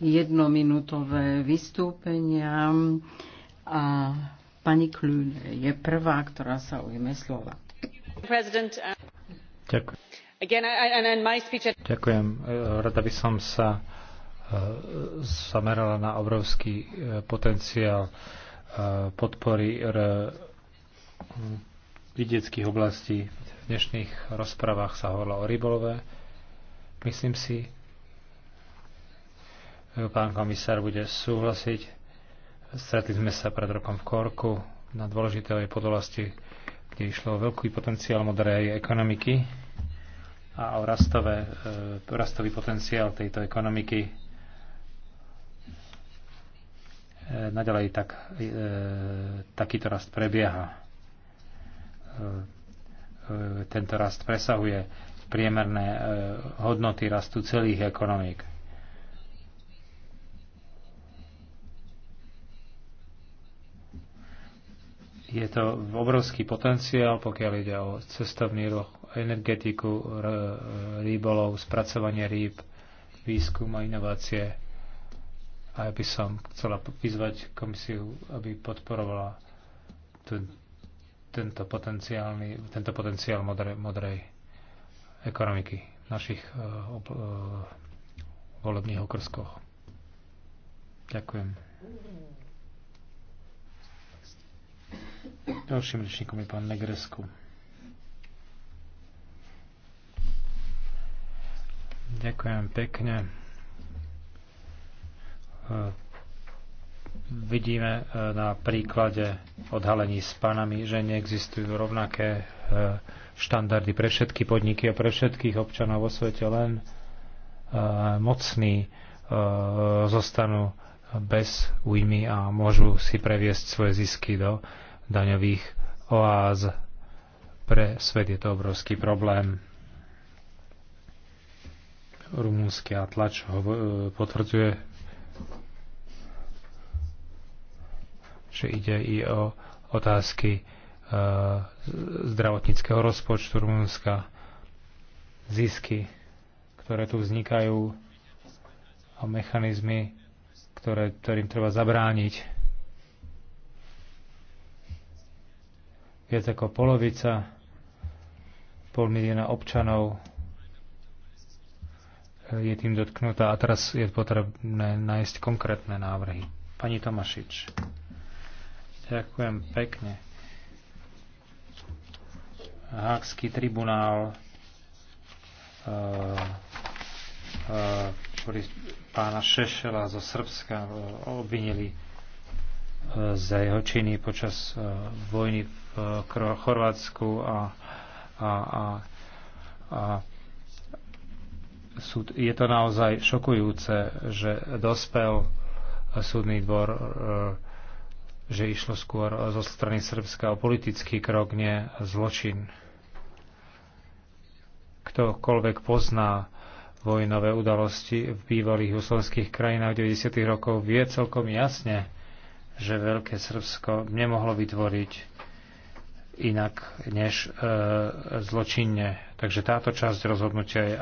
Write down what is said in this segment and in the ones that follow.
jednominútové vystúpenia a pani Kľúne je prvá, ktorá sa ujme slova. Uh, Ďakujem. Ďakujem. E, rada by som sa e, zamerala na obrovský e, potenciál podpory vidieckých oblastí. V dnešných rozprávach sa hovorilo o rybolove. Myslím si, pán komisár bude súhlasiť. Stretli sme sa pred rokom v Korku na dôležitej podolosti, kde išlo o veľký potenciál modrej ekonomiky a o rastové, e, rastový potenciál tejto ekonomiky. E, naďalej tak, e, takýto rast prebieha. Tento rast presahuje priemerné hodnoty rastu celých ekonomík je to obrovský potenciál, pokiaľ ide o cestovný ruch, energetiku, rýbolov, spracovanie rýb, výskum a inovácie. A ja by som chcela vyzvať komisiu, aby podporovala ten, tento, potenciálny, tento potenciál modre, modrej ekonomiky v našich uh, uh, volebných okrskoch. Ďakujem. Ďalším rečníkom je pán Negresku. Ďakujem pekne. Vidíme eh, na príklade odhalení s panami, že neexistujú rovnaké eh, štandardy pre všetky podniky a pre všetkých občanov vo svete, len eh, mocní zostanú bez újmy a môžu si previesť svoje zisky do daňových oáz. Pre svet je to obrovský problém. Rumúnsky tlač ho e, potvrdzuje, že ide i o otázky e, zdravotníckého rozpočtu Rumúnska, zisky, ktoré tu vznikajú a mechanizmy, ktoré, ktorým treba zabrániť Viac ako polovica, pol milióna občanov je tým dotknutá a teraz je potrebné nájsť konkrétne návrhy. Pani Tomašič. Ďakujem pekne. Hákský tribunál eh, eh, ktorý pána Šešela zo Srbska eh, obvinili za jeho činy počas vojny v Chorvátsku a, a, a, a súd, je to naozaj šokujúce, že dospel súdny dvor, e, že išlo skôr zo strany Srbska o politický krok, nie zločin. Ktokoľvek pozná vojnové udalosti v bývalých uslovenských krajinách 90. rokov vie celkom jasne, že Veľké Srbsko nemohlo vytvoriť inak než e, zločinne. Takže táto časť rozhodnutia je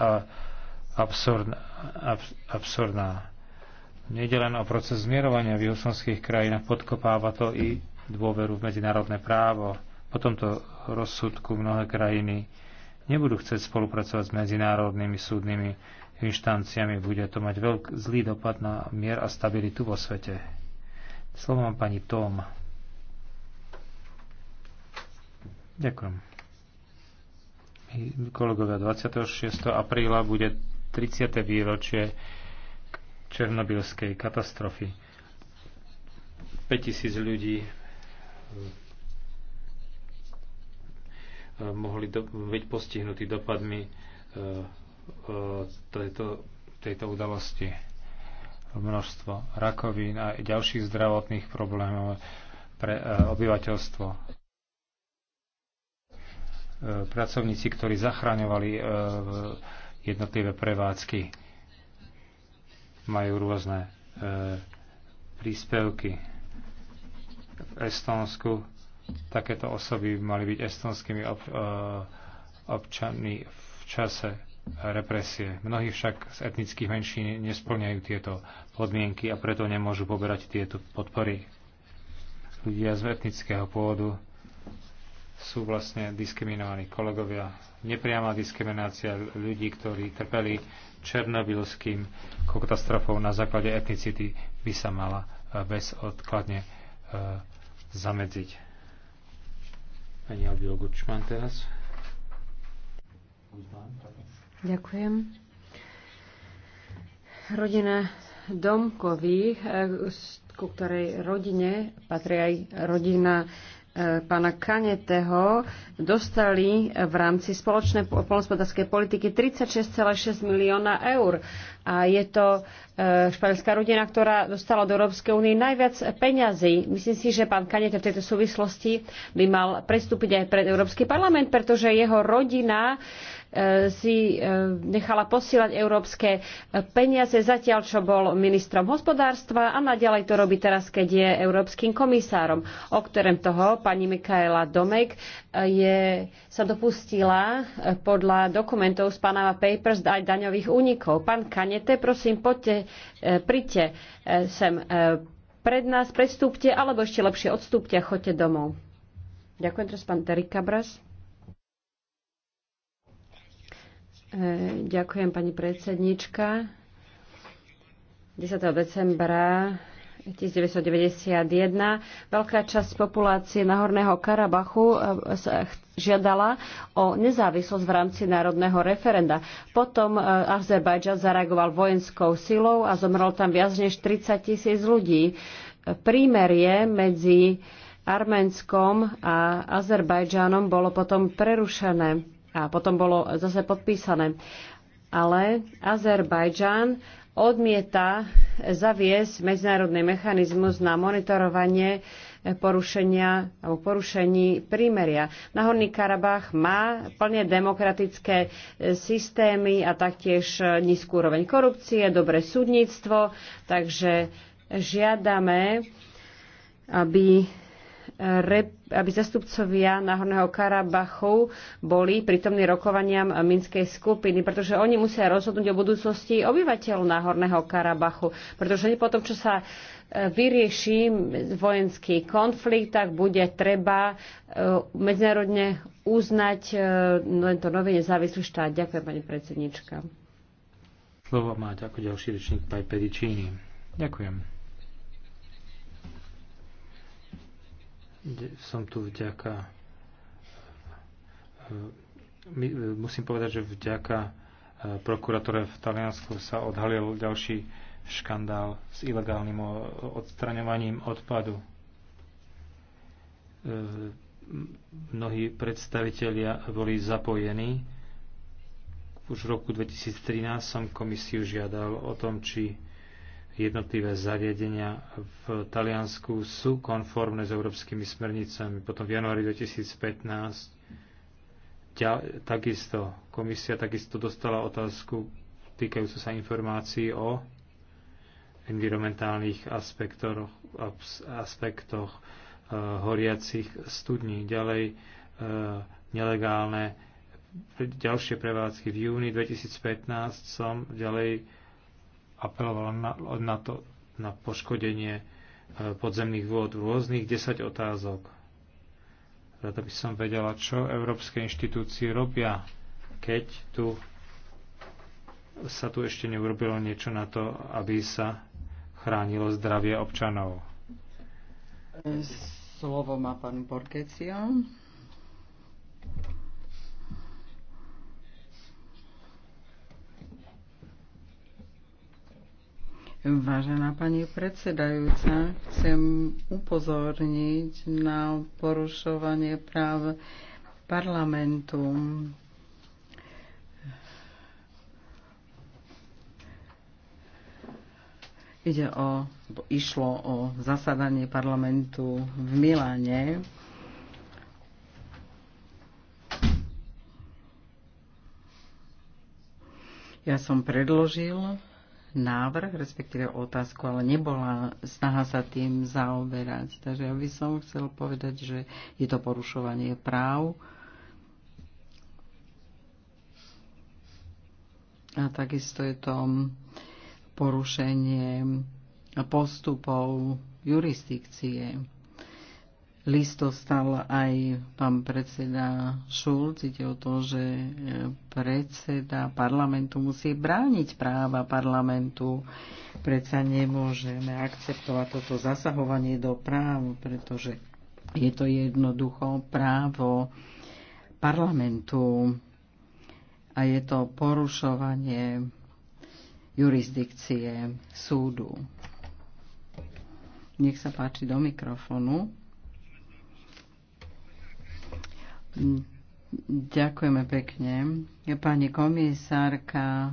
absurdná. Ab, absurdná. Nejde len o proces zmierovania v juhoslovských krajinách, podkopáva to i dôveru v medzinárodné právo. Po tomto rozsudku mnohé krajiny nebudú chcieť spolupracovať s medzinárodnými súdnymi inštanciami. Bude to mať veľk, zlý dopad na mier a stabilitu vo svete. Slovo mám pani Tom. Ďakujem. Kolegovia, 26. apríla bude 30. výročie Černobylskej katastrofy. 5000 ľudí eh, eh, mohli do, byť postihnutí dopadmi eh, tejto, tejto udalosti. Množstvo rakovín a ďalších zdravotných problémov pre obyvateľstvo. E, pracovníci, ktorí zachraňovali e, jednotlivé prevádzky. Majú rôzne e, príspevky. V Estónsku takéto osoby mali byť estonskými ob- občanmi v čase represie. Mnohí však z etnických menšín nesplňajú tieto podmienky a preto nemôžu poberať tieto podpory. Ľudia z etnického pôvodu sú vlastne diskriminovaní kolegovia. Nepriama diskriminácia ľudí, ktorí trpeli černobylským katastrofou na základe etnicity, by sa mala eh, bezodkladne eh, zamedziť. Pani Albio Gučman teraz. Ďakujem. Rodina Domkových, eh, ku ktorej rodine patrí aj rodina pána Kaneteho dostali v rámci spoločnej polnospodárskej politiky 36,6 milióna eur. A je to e, španielská rodina, ktorá dostala do Európskej únie najviac peňazí. Myslím si, že pán Kanete v tejto súvislosti by mal prestúpiť aj pred Európsky parlament, pretože jeho rodina e, si e, nechala posielať európske peniaze zatiaľ, čo bol ministrom hospodárstva a naďalej to robí teraz, keď je európskym komisárom. o ktorom toho, pani Mikaela Domek je, sa dopustila podľa dokumentov z Panama Papers aj daňových únikov. Pán Kane Te prosím, poďte, e, príďte e, sem e, pred nás, prestúpte, alebo ešte lepšie odstúpte a choďte domov. Ďakujem teraz pán Terry Cabras. Ďakujem pani predsednička. 10. decembra 1991 veľká časť populácie Nahorného Karabachu eh, eh, žiadala o nezávislosť v rámci národného referenda. Potom eh, Azerbajdžan zareagoval vojenskou silou a zomrel tam viac než 30 tisíc ľudí. Prímerie medzi Arménskom a Azerbajdžanom bolo potom prerušené a potom bolo zase podpísané. Ale Azerbajdžan odmieta zaviesť medzinárodný mechanizmus na monitorovanie eh, porušenia alebo porušení prímeria. Horný Karabach má plne demokratické eh, systémy a taktiež eh, nízku úroveň korupcie, dobré súdnictvo, takže žiadame, aby aby zastupcovia Náhorného Karabachu boli prítomní rokovaniam Minskej skupiny, pretože oni musia rozhodnúť o budúcnosti obyvateľov Náhorného Karabachu, pretože oni potom, čo sa e, vyrieši vojenský konflikt, tak bude treba e, medzinárodne uznať e, tento nový nezávislý štát. Ďakujem, pani predsednička. Slovo má ako ďalší rečník Paj Ďakujem. Som tu vďaka e, e, musím povedať, že vďaka e, prokuratore v Taliansku sa odhalil ďalší škandál s ilegálnym odstraňovaním odpadu. Mnohí predstavitelia boli zapojení. Už v roku 2013 som komisiu žiadal o tom, či jednotlivé zariadenia v Taliansku sú konformné s európskymi smernicami. Potom v januári 2015 takisto komisia takisto dostala otázku týkajúcu sa informácií o environmentálnych aspektoch, aspektoch uh, horiacich studní. Ďalej uh, nelegálne ďalšie prevádzky. V júni 2015 som ďalej apelovala na, na to, na poškodenie e, podzemných vôd rôznych 10 otázok. Rada by som vedela, čo európske inštitúcie robia, keď tu sa tu ešte neurobilo niečo na to, aby sa chránilo zdravie občanov. E, slovo má pán Borgecio. Vážená pani predsedajúca, chcem upozorniť na porušovanie práv parlamentu. Ide o, išlo o zasadanie parlamentu v Miláne. Ja som predložil návrh, respektíve otázku, ale nebola snaha sa tým zaoberať. Takže ja by som chcel povedať, že je to porušovanie práv. A takisto je to porušenie postupov jurisdikcie list dostal aj pán predseda Šulc. Ide o to, že e, predseda parlamentu musí brániť práva parlamentu. Predsa nemôžeme akceptovať toto zasahovanie do práv, pretože je to jednoducho právo parlamentu a je to porušovanie jurisdikcie súdu. Nech sa páči do mikrofonu. Ďakujeme pekne. Pani komisárka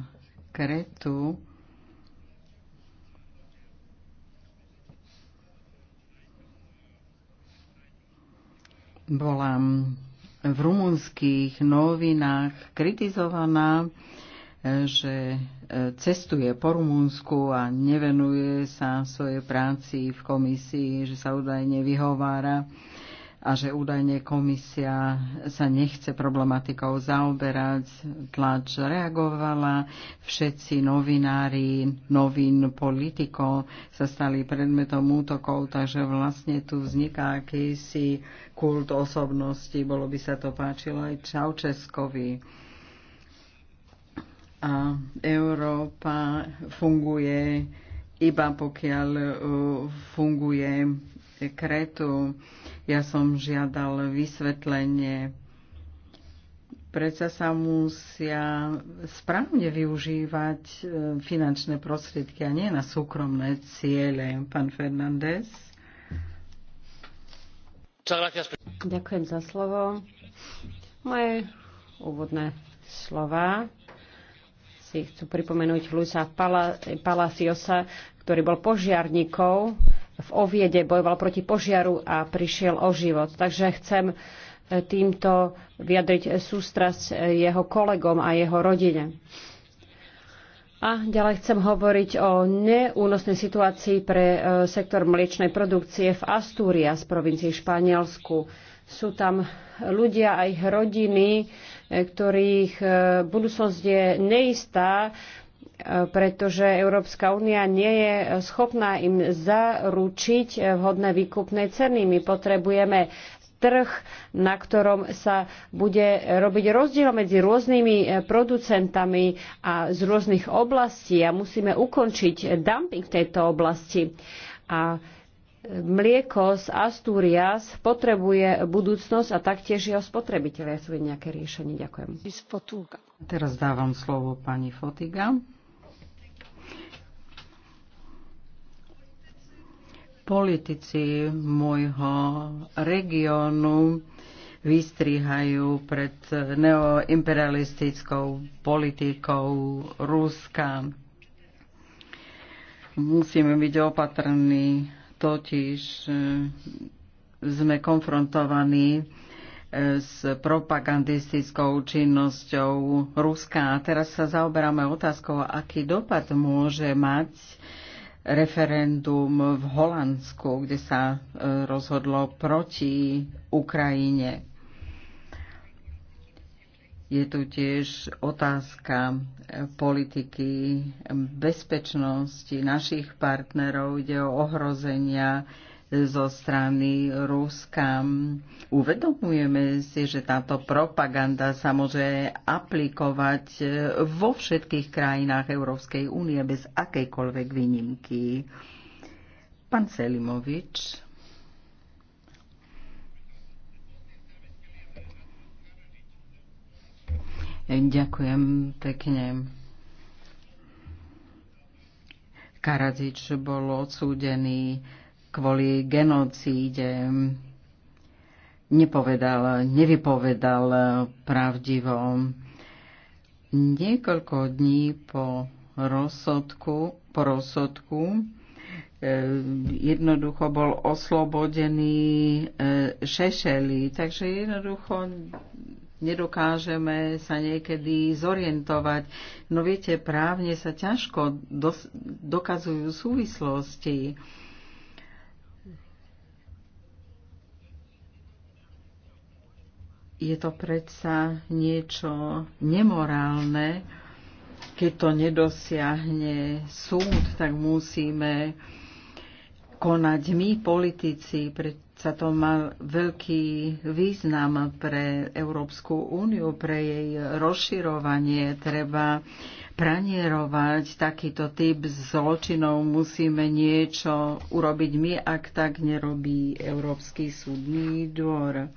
Kretu. Bola v rumunských novinách kritizovaná, že e, cestuje po Rumunsku a nevenuje sa svojej práci v komisii, že sa údajne vyhovára a že údajne komisia sa nechce problematikou zaoberať. Tlač reagovala, všetci novinári, novín, politikov sa stali predmetom útokov, takže vlastne tu vzniká akýsi kult osobnosti. Bolo by sa to páčilo aj Čaučeskovi. A Európa funguje iba pokiaľ uh, funguje Kretu. Ja som žiadal vysvetlenie. Prečo sa musia správne využívať e, finančné prostriedky a nie na súkromné ciele, pán Fernández? Ďakujem za slovo. Moje úvodné slova si chcú pripomenúť Luisa Palaciosa, ktorý bol požiarníkov v Oviede, bojoval proti požiaru a prišiel o život. Takže chcem e, týmto vyjadriť sústrasť e, jeho kolegom a jeho rodine. A ďalej chcem hovoriť o neúnosnej situácii pre e, sektor mliečnej produkcie v Astúria z provincii Španielsku. Sú tam ľudia a ich rodiny, ktorých budúcnosť je neistá pretože Európska únia nie je schopná im zaručiť vhodné výkupné ceny. My potrebujeme trh, na ktorom sa bude robiť rozdiel medzi rôznymi producentami a z rôznych oblastí a musíme ukončiť dumping v tejto oblasti. A mlieko z Asturias potrebuje budúcnosť a taktiež jeho spotrebitelia. Sú nejaké riešenie? Ďakujem. Teraz dávam slovo pani Fotiga. Politici môjho regiónu vystrihajú pred neoimperialistickou politikou Ruska. Musíme byť opatrní, totiž e, sme konfrontovaní e, s propagandistickou činnosťou Ruska. A teraz sa zaoberáme otázkou, aký dopad môže mať referendum v Holandsku, kde sa e, rozhodlo proti Ukrajine. Je tu tiež otázka e, politiky bezpečnosti našich partnerov, ide o ohrozenia zo strany Ruska. Uvedomujeme si, že táto propaganda sa môže aplikovať vo všetkých krajinách Európskej únie bez akejkoľvek výnimky. Pán Selimovič. Ďakujem pekne. Karadzič bol odsúdený kvôli genocíde nepovedal, nevypovedal pravdivo. Niekoľko dní po rozsodku, po rozsodku e, jednoducho bol oslobodený e, Šešeli. Takže jednoducho nedokážeme sa niekedy zorientovať. No viete, právne sa ťažko dokazujú súvislosti. je to predsa niečo nemorálne, keď to nedosiahne súd, tak musíme konať my, politici, predsa to má veľký význam pre Európsku úniu, pre jej rozširovanie. Treba pranierovať takýto typ zločinov, musíme niečo urobiť my, ak tak nerobí Európsky súdny dvor.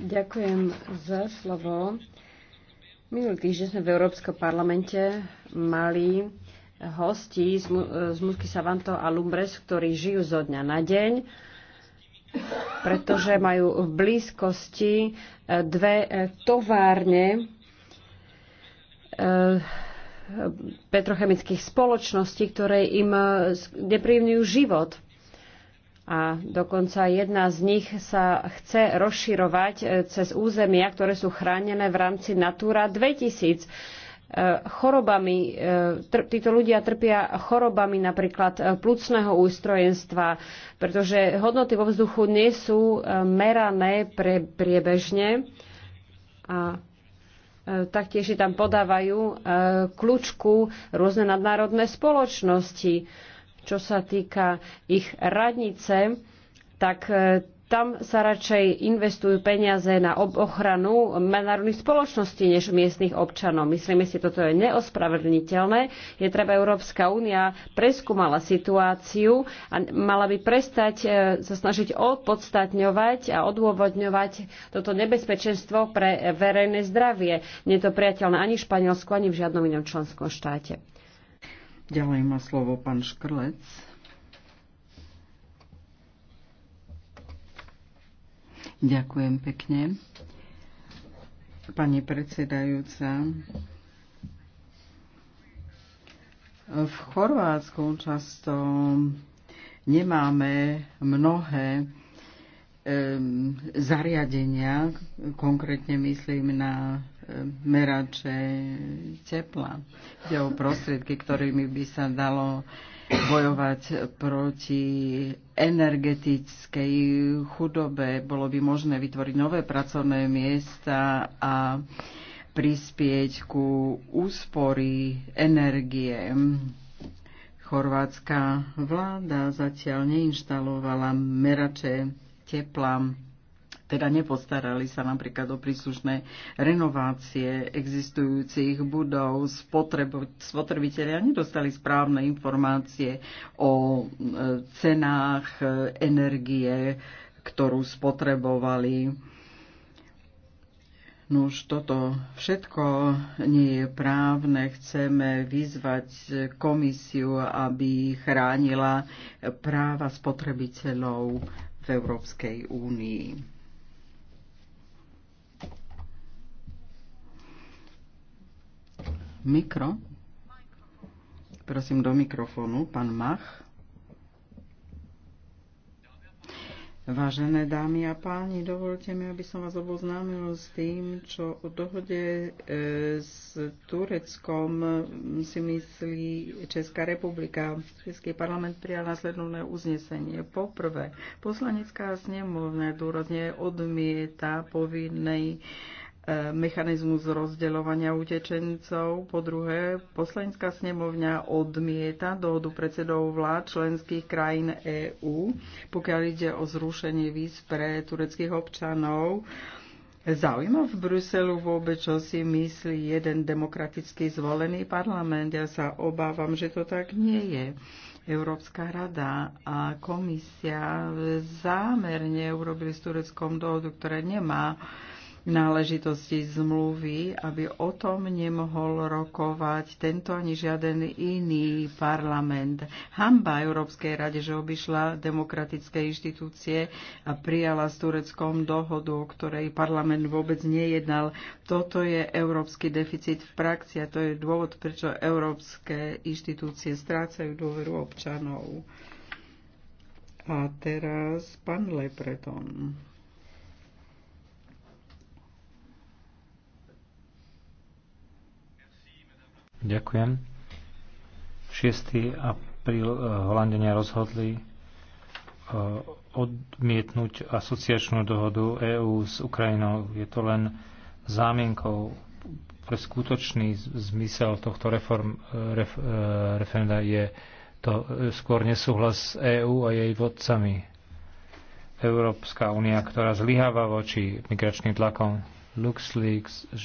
Ďakujem za slovo. Minulý týždeň sme v Európskom parlamente mali hosti z, z Musky Savanto a Lumbres, ktorí žijú zo dňa na deň, pretože majú v blízkosti e, dve e, továrne e, petrochemických spoločností, ktoré im neprijemňujú život a dokonca jedna z nich sa chce rozširovať e, cez územia, ktoré sú chránené v rámci Natura 2000. E, chorobami, e, títo ľudia trpia chorobami napríklad plucného ústrojenstva, pretože hodnoty vo vzduchu nie sú merané pre, priebežne a taktiež si tam podávajú kľúčku rôzne nadnárodné spoločnosti. Čo sa týka ich radnice, tak e, tam sa radšej investujú peniaze na ochranu menárodných spoločností než miestnych občanov. Myslíme si, toto je neospravedlniteľné. Je treba Európska únia preskúmala situáciu a mala by prestať e, sa snažiť odpodstatňovať a odôvodňovať toto nebezpečenstvo pre verejné zdravie. Nie je to priateľné ani v Španielsku, ani v žiadnom inom členskom štáte. Ďalej má slovo pán Škrlec. Ďakujem pekne. Pani predsedajúca, v Chorvátsku často nemáme mnohé zariadenia, konkrétne myslím na merače tepla. Ide o prostriedky, ktorými by sa dalo bojovať proti energetickej chudobe. Bolo by možné vytvoriť nové pracovné miesta a prispieť ku úspory energie. Chorvátska vláda zatiaľ neinštalovala merače tepla teda nepostarali sa napríklad o príslušné renovácie existujúcich budov, spotrebitelia nedostali správne informácie o e, cenách e, energie, ktorú spotrebovali. Nuž toto všetko nie je právne. Chceme vyzvať komisiu, aby chránila práva spotrebiteľov v Európskej únii. Mikro. Prosím do mikrofónu, pán Mach. Vážené dámy a páni, dovolte mi, aby som vás oboznámil s tým, čo o dohode e, s Tureckom si myslí Česká republika. Český parlament prijal následovné uznesenie. Poprvé, poslanecká snemovna dôrazne odmieta povinnej mechanizmus rozdeľovania utečencov. Po druhé, poslanecká snemovňa odmieta dohodu predsedov vlád členských krajín EÚ, pokiaľ ide o zrušenie víz pre tureckých občanov. Zaujíma v Bruselu vôbec, čo si myslí jeden demokraticky zvolený parlament. Ja sa obávam, že to tak nie je. Európska rada a komisia zámerne urobili s Tureckom dohodu, ktorá nemá uh, náležitosti zmluvy, aby o tom nemohol rokovať tento ani žiaden iný parlament. Hamba Európskej rade, že obišla demokratické inštitúcie a prijala s Tureckom dohodu, o ktorej parlament vôbec nejednal. Toto je európsky deficit v praxi a to je dôvod, prečo európske inštitúcie strácajú dôveru občanov. A teraz pán Lepreton. Ďakujem. 6. apríl eh, Holandenia rozhodli eh, odmietnúť asociačnú dohodu EÚ s Ukrajinou. Je to len zámienkou pre skutočný zmysel tohto reform, eh, ref, referenda je to skôr nesúhlas s EÚ a jej vodcami. Európska únia, ktorá zlyháva voči migračným tlakom. LuxLeaks, eh,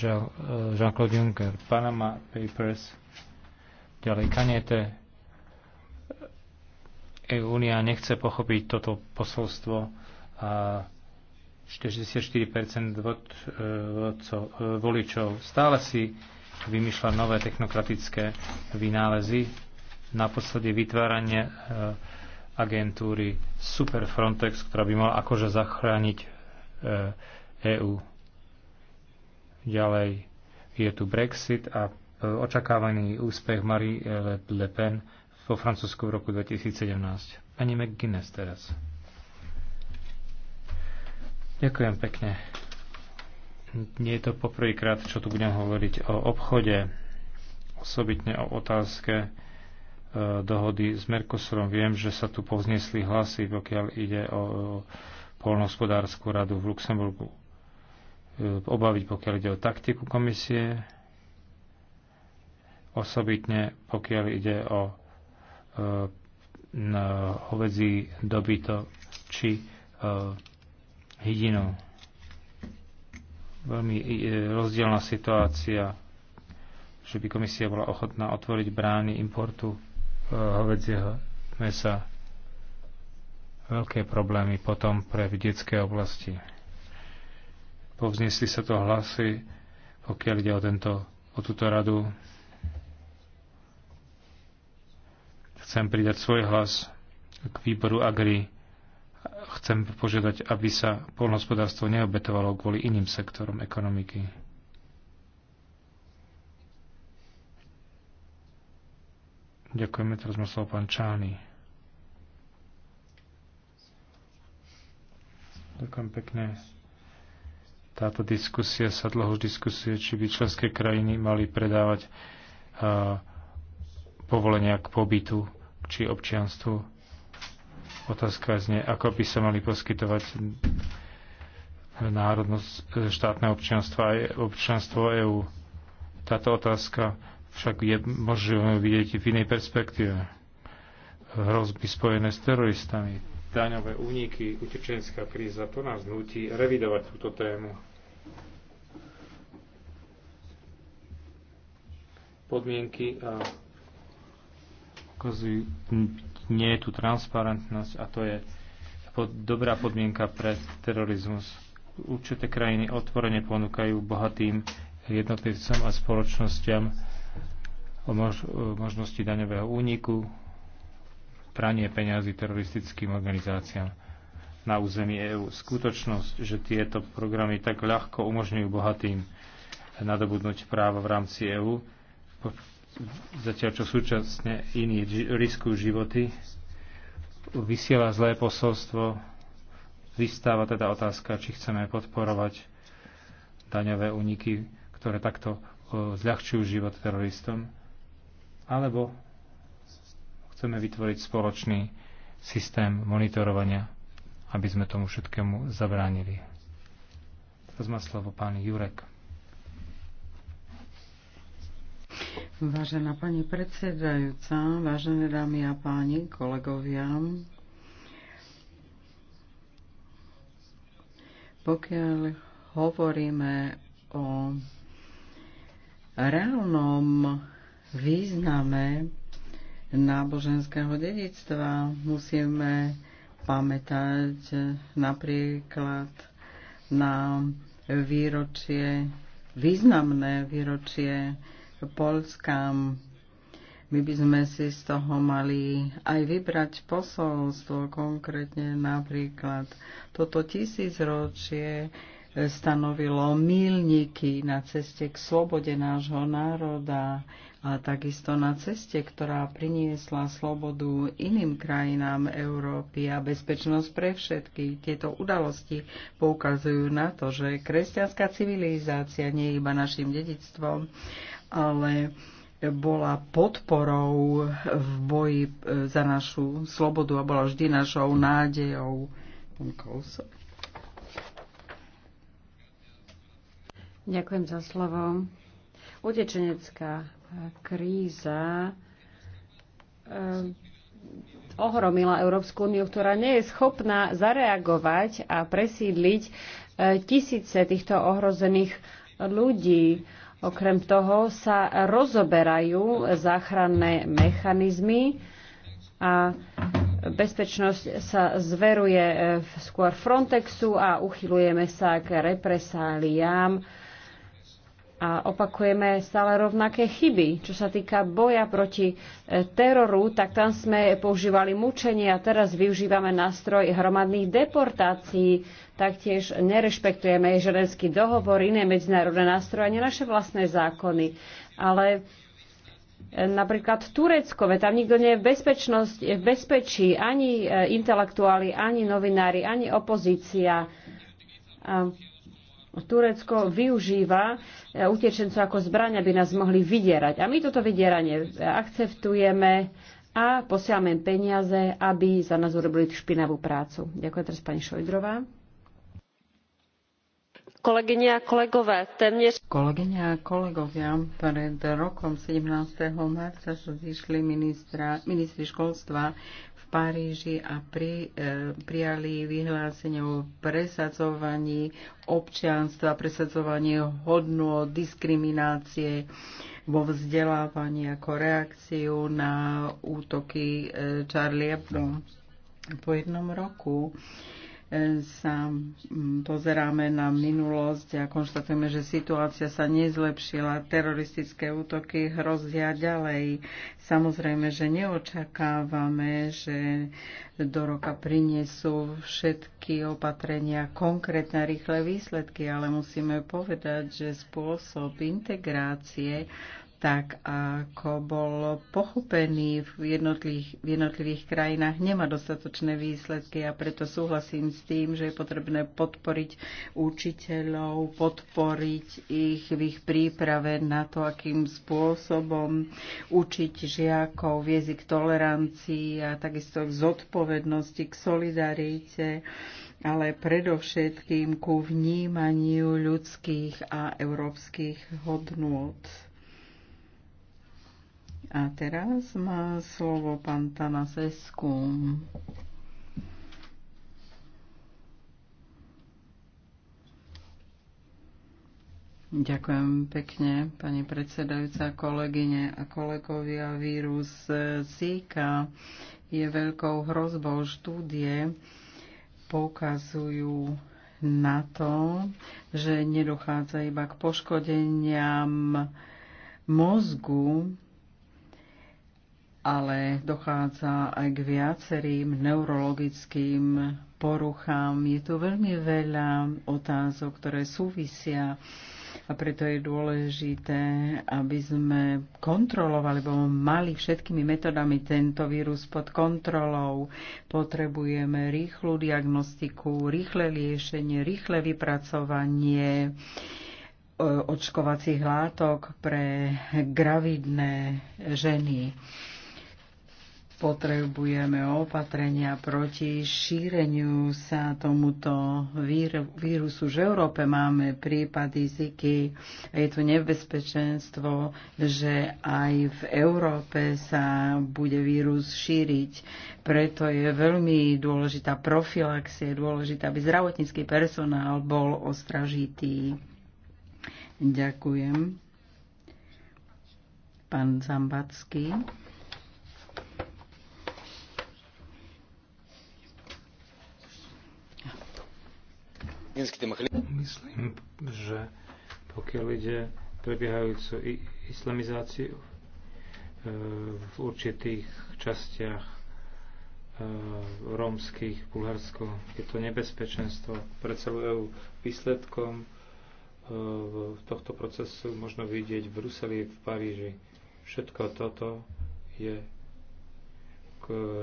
Jean-Claude Juncker, Panama Papers, ďalej Kanete. EU Únia nechce pochopiť toto posolstvo a 44% vod, eh, co, eh, voličov stále si vymýšľa nové technokratické vynálezy, naposledy vytváranie agentúry Super Frontex, ktorá by mala akože zachrániť EÚ. E Ďalej je tu Brexit a e, očakávaný úspech Marie Le Pen vo Francúzsku v roku 2017. Pani McGuinness teraz. Ďakujem pekne. Nie je to poprvýkrát, čo tu budem hovoriť o obchode, osobitne o otázke e, dohody s Mercosurom. Viem, že sa tu povznesli hlasy, pokiaľ ide o polnohospodárskú radu v Luxemburgu E, obaviť, pokiaľ ide o taktiku komisie, osobitne pokiaľ ide o e, hovedzí dobyto či e, hydinu. Veľmi e, rozdielna situácia, že by komisia bola ochotná otvoriť brány importu e, hovedzieho mesa. Veľké problémy potom pre v detské oblasti povznesli sa to hlasy, pokiaľ ide o, tento, o túto radu. Chcem pridať svoj hlas k výboru Agri. Chcem požiadať, aby sa polnohospodárstvo neobetovalo kvôli iným sektorom ekonomiky. Ďakujeme, teraz má slovo pán Čány. Ďakujem pekne. Táto diskusia sa dlho už diskusuje, či by členské krajiny mali predávať a, povolenia k pobytu či občianstvu. Otázka znie, ako by sa mali poskytovať národnosť štátne občianstva aj občianstvo EÚ. Táto otázka však je možno vidieť v inej perspektíve. Hrozby spojené s teroristami, daňové úniky, utečenská kríza, to nás nutí revidovať túto tému. Podmienky a ukazujú, nie je tu transparentnosť a to je pod, dobrá podmienka pre terorizmus. Určité krajiny otvorene ponúkajú bohatým jednotlivcom a spoločnosťam o mož, možnosti daňového úniku, pranie peňazí teroristickým organizáciám na území EÚ. Skutočnosť, že tieto programy tak ľahko umožňujú bohatým nadobudnúť práva v rámci EÚ, zatiaľ čo súčasne iní riskujú životy, vysiela zlé posolstvo, vystáva teda otázka, či chceme podporovať daňové úniky, ktoré takto zľahčujú život teroristom, alebo Chceme vytvoriť spoločný systém monitorovania, aby sme tomu všetkému zabránili. Teraz má slovo pán Jurek. Vážená pani predsedajúca, vážené dámy a páni, kolegovia, pokiaľ hovoríme o reálnom význame náboženského dedictva. Musíme pamätať napríklad na výročie, významné výročie Polska. My by sme si z toho mali aj vybrať posolstvo, konkrétne napríklad toto tisícročie stanovilo milníky na ceste k slobode nášho národa a takisto na ceste, ktorá priniesla slobodu iným krajinám Európy a bezpečnosť pre všetky. Tieto udalosti poukazujú na to, že kresťanská civilizácia nie je iba našim dedictvom, ale bola podporou v boji e, za našu slobodu a bola vždy našou nádejou. Ďakujem za slovo. Utečenecká kríza eh, ohromila Európsku úniu, ktorá nie je schopná zareagovať a presídliť eh, tisíce týchto ohrozených ľudí. Okrem toho sa rozoberajú záchranné mechanizmy a bezpečnosť sa zveruje eh, skôr Frontexu a uchylujeme sa k represáliám a opakujeme stále rovnaké chyby. Čo sa týka boja proti e, teroru, tak tam sme používali mučenie a teraz využívame nástroj hromadných deportácií. Taktiež nerešpektujeme ženský dohovor, iné medzinárodné nástroje, ani naše vlastné zákony. Ale e, napríklad Turecko, veď tam nikto nie je v, bezpečnosť, v bezpečí, ani e, intelektuáli, ani novinári, ani opozícia. A Turecko využíva e, utečencov ako zbraň, aby nás mohli vydierať. A my toto vydieranie akceptujeme a posielame peniaze, aby za nás urobili špinavú prácu. Ďakujem teraz pani Šojdrová. Kolegyne a kolegové, téměř... Kolegyne a kolegovia, pred rokom 17. marca sa zišli ministra, ministri školstva Paríži a pri, e, prijali vyhlásenie o presadzovaní občianstva, presadzovaní hodnú diskriminácie vo vzdelávaní ako reakciu na útoky e, Charlie Hebdo. Po jednom roku e, sa mm, pozeráme na minulosť a konštatujeme, že situácia sa nezlepšila, teroristické útoky hrozia ďalej. Samozrejme, že neočakávame, že do roka prinesú všetky opatrenia konkrétne rýchle výsledky, ale musíme povedať, že spôsob integrácie tak ako bol pochopený v jednotlivých, v jednotlivých krajinách, nemá dostatočné výsledky a preto súhlasím s tým, že je potrebné podporiť učiteľov, podporiť ich v ich príprave na to, akým spôsobom učiť žiakov, viezi k tolerancii a takisto k zodpovednosti, k solidarite ale predovšetkým ku vnímaniu ľudských a európskych hodnôt. A teraz má slovo pán Tanasescu. Ďakujem pekne, pani predsedajúca, kolegyne a kolegovia. Vírus e, Zika je veľkou hrozbou. Štúdie poukazujú na to, že nedochádza iba k poškodeniam mozgu, ale dochádza aj k viacerým neurologickým poruchám. Je tu veľmi veľa otázok, ktoré súvisia a preto je dôležité, aby sme kontrolovali, alebo mali všetkými metodami tento vírus pod kontrolou. Potrebujeme rýchlu diagnostiku, rýchle liešenie, rýchle vypracovanie e, očkovacích látok pre gravidné ženy potrebujeme opatrenia proti šíreniu sa tomuto vír, vírusu. Že v Európe máme prípady ziky a je tu nebezpečenstvo, že aj v Európe sa bude vírus šíriť. Preto je veľmi dôležitá profilaxia, je dôležité, aby zdravotnícky personál bol ostražitý. Ďakujem. Pán Zambacký. Myslím, že pokiaľ ide prebiehajúcu islamizáciu e, v určitých častiach e, rómskych, Bulharsko, je to nebezpečenstvo pre celú EU. Výsledkom e, tohto procesu možno vidieť v Bruseli, v Paríži. Všetko toto je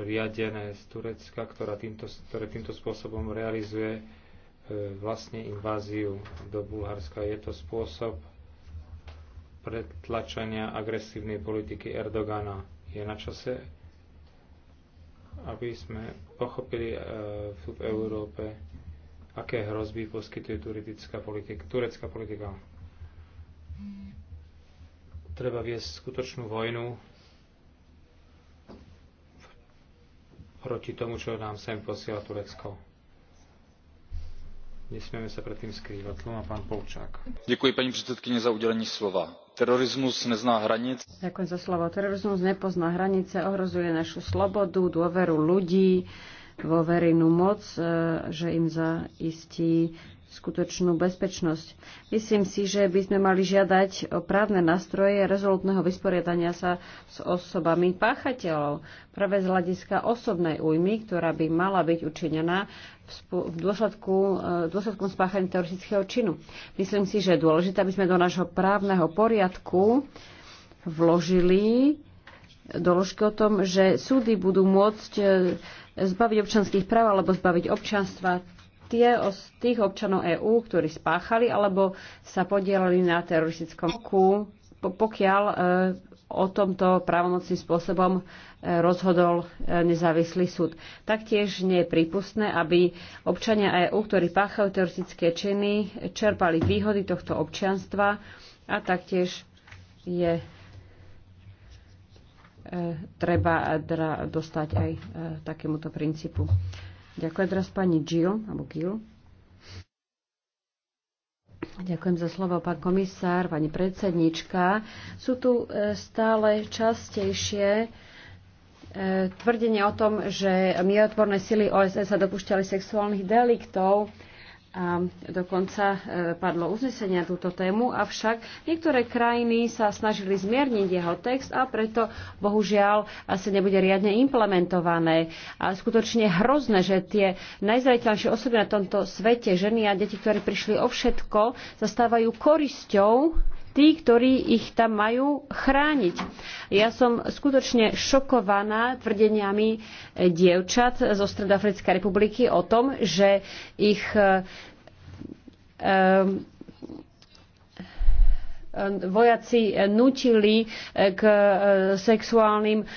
riadené z Turecka, ktorá týmto, ktoré týmto spôsobom realizuje E, vlastne inváziu do Bulharska. Je to spôsob pretlačania agresívnej politiky Erdogana. Je na čase, aby sme pochopili e, v Európe, aké hrozby poskytuje turecká politika. Turecká politika. Treba viesť skutočnú vojnu proti tomu, čo nám sem posiela Turecko Nesmieme sa pred tým skrývať. Slovo má pán Polčák. Ďakujem pani predsedkyne za udelení slova. Terorizmus nezná hranic. Ďakujem za slovo. Terorizmus nepozná hranice, ohrozuje našu slobodu, dôveru ľudí, vo verejnú moc, e, že im zaistí skutočnú bezpečnosť. Myslím si, že by sme mali žiadať o právne nástroje rezolutného vysporiadania sa s osobami páchateľov, práve z hľadiska osobnej újmy, ktorá by mala byť učinená v dôsledku, v dôsledku eh, spáchania teroristického činu. Myslím si, že je dôležité, aby sme do nášho právneho poriadku vložili doložky o tom, že súdy budú môcť eh, zbaviť občanských práv alebo zbaviť občanstva tie od tých občanov EÚ, ktorí spáchali alebo sa podielali na teroristickom roku, pokiaľ e, o tomto právomocným spôsobom e, rozhodol e, nezávislý súd. Taktiež nie je prípustné, aby občania EÚ, ktorí páchajú teroristické činy, čerpali výhody tohto občianstva a taktiež je treba dostať aj takémuto princípu. Ďakujem teraz pani Gil, alebo Gil. Ďakujem za slovo, pán komisár, pani predsednička. Sú tu e, stále častejšie e, tvrdenie o tom, že mierotvorné sily OSN sa dopúšťali sexuálnych deliktov a dokonca e, padlo uznesenie na túto tému, avšak niektoré krajiny sa snažili zmierniť jeho text a preto bohužiaľ asi nebude riadne implementované. A skutočne hrozné, že tie najzraniteľnejšie osoby na tomto svete, ženy a deti, ktorí prišli o všetko, zastávajú stávajú korisťou tí, ktorí ich tam majú chrániť. Ja som skutočne šokovaná tvrdeniami eh, dievčat zo Stredoafrickej republiky o tom, že ich eh, eh, vojaci nutili k sexuálnym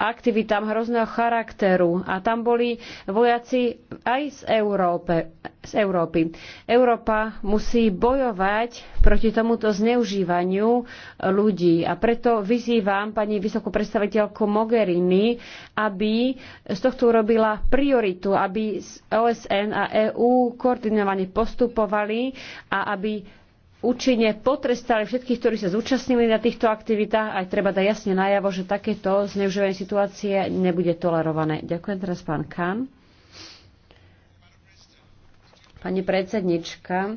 aktivitám hrozného charakteru. A tam boli vojaci aj z, Európe, z Európy. Európa musí bojovať proti tomuto zneužívaniu ľudí. A preto vyzývam pani vysokú predstaviteľku Mogherini, aby z tohto urobila prioritu, aby OSN a EÚ koordinovane postupovali a aby účinne potrestali všetkých, ktorí sa zúčastnili na týchto aktivitách. Aj treba dať jasne najavo, že takéto zneužívanie situácie nebude tolerované. Ďakujem teraz pán Kán. Pani predsednička,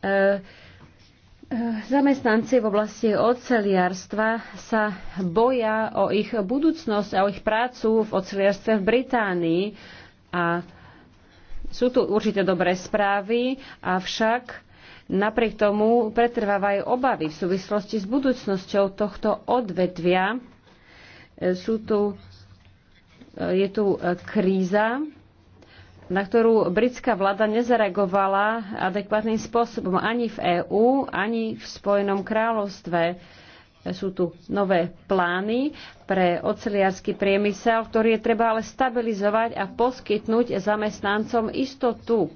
e, e, Zamestnanci v oblasti oceliarstva sa boja o ich budúcnosť a o ich prácu v oceliarstve v Británii. A sú tu určite dobré správy, avšak Napriek tomu pretrvávajú obavy v súvislosti s budúcnosťou tohto odvetvia. E, sú tu, e, je tu e, kríza, na ktorú britská vláda nezareagovala adekvátnym spôsobom ani v EÚ, ani v Spojenom kráľovstve. Sú tu nové plány pre oceliarský priemysel, ktorý je treba ale stabilizovať a poskytnúť zamestnancom istotu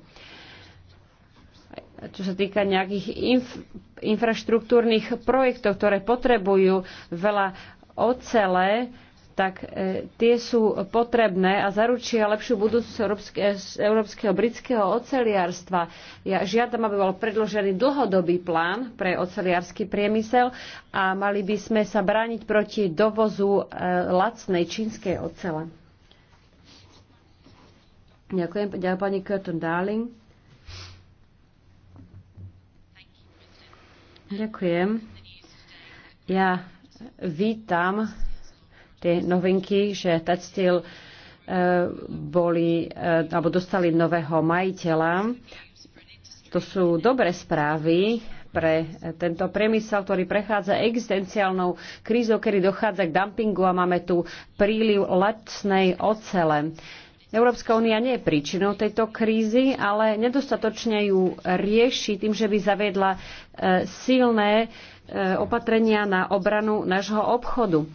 čo sa týka nejakých inf- infraštruktúrnych projektov, ktoré potrebujú veľa ocele, tak e, tie sú potrebné a zaručia lepšiu budúcnosť európske, európskeho britského oceliarstva. Ja žiadam, aby bol predložený dlhodobý plán pre oceliarský priemysel a mali by sme sa brániť proti dovozu e, lacnej čínskej ocele. Ďakujem, ďakujem pani Curtin Darling. Ďakujem. Ja vítam tie novinky, že Textil e, boli, e, alebo dostali nového majiteľa. To sú dobré správy pre tento priemysel, ktorý prechádza existenciálnou krízou, kedy dochádza k dumpingu a máme tu príliv lacnej ocele. Európska únia nie je príčinou tejto krízy, ale nedostatočne ju rieši tým, že by zaviedla e, silné e, opatrenia na obranu nášho obchodu.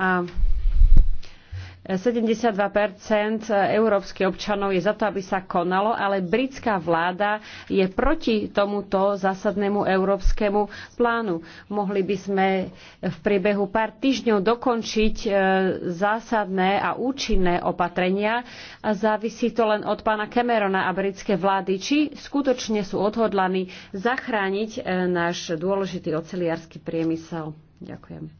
A 72 európskych občanov je za to, aby sa konalo, ale britská vláda je proti tomuto zásadnému európskemu plánu. Mohli by sme v priebehu pár týždňov dokončiť e, zásadné a účinné opatrenia a závisí to len od pána Camerona a britskej vlády, či skutočne sú odhodlaní zachrániť e, náš dôležitý oceliarský priemysel. Ďakujem.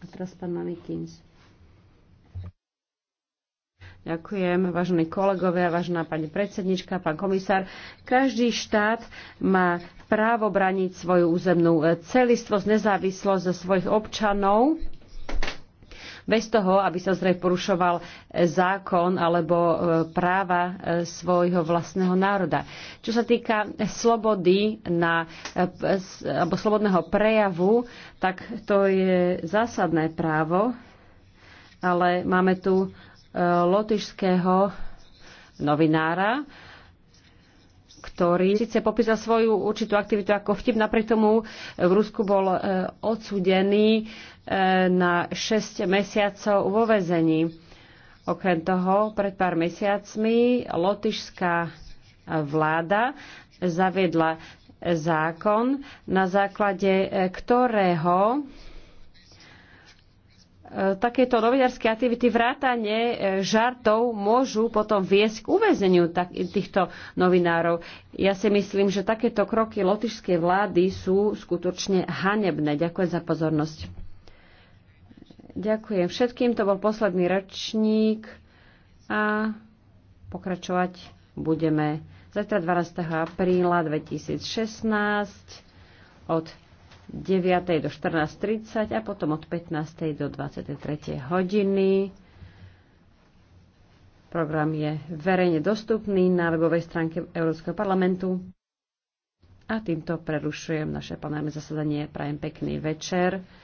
A teraz pán Mamikins. Ďakujem, vážení kolegovia, vážená pani predsednička, pán komisár. Každý štát má právo braniť svoju územnú e, celistvosť, nezávislosť zo svojich občanov bez toho, aby sa zrej porušoval e, zákon alebo e, práva svojho vlastného národa. Čo sa týka slobody na, alebo slobodného prejavu, tak to je zásadné právo, ale máme tu lotyšského novinára, ktorý síce popísal svoju určitú aktivitu ako vtip, napriek tomu v Rusku bol e, odsudený e, na 6 mesiacov vo vezení. Okrem toho, pred pár mesiacmi lotyšská vláda zaviedla zákon, na základe e, ktorého takéto novinárske aktivity vrátane e, žartov môžu potom viesť k uväzeniu týchto novinárov. Ja si myslím, že takéto kroky lotišskej vlády sú skutočne hanebné. Ďakujem za pozornosť. Ďakujem všetkým. To bol posledný ročník a pokračovať budeme zajtra 12. apríla 2016 od 9. do 14.30 a potom od 15. do 23. hodiny. Program je verejne dostupný na webovej stránke Európskeho parlamentu. A týmto prerušujem naše panelné zasadanie. Prajem pekný večer.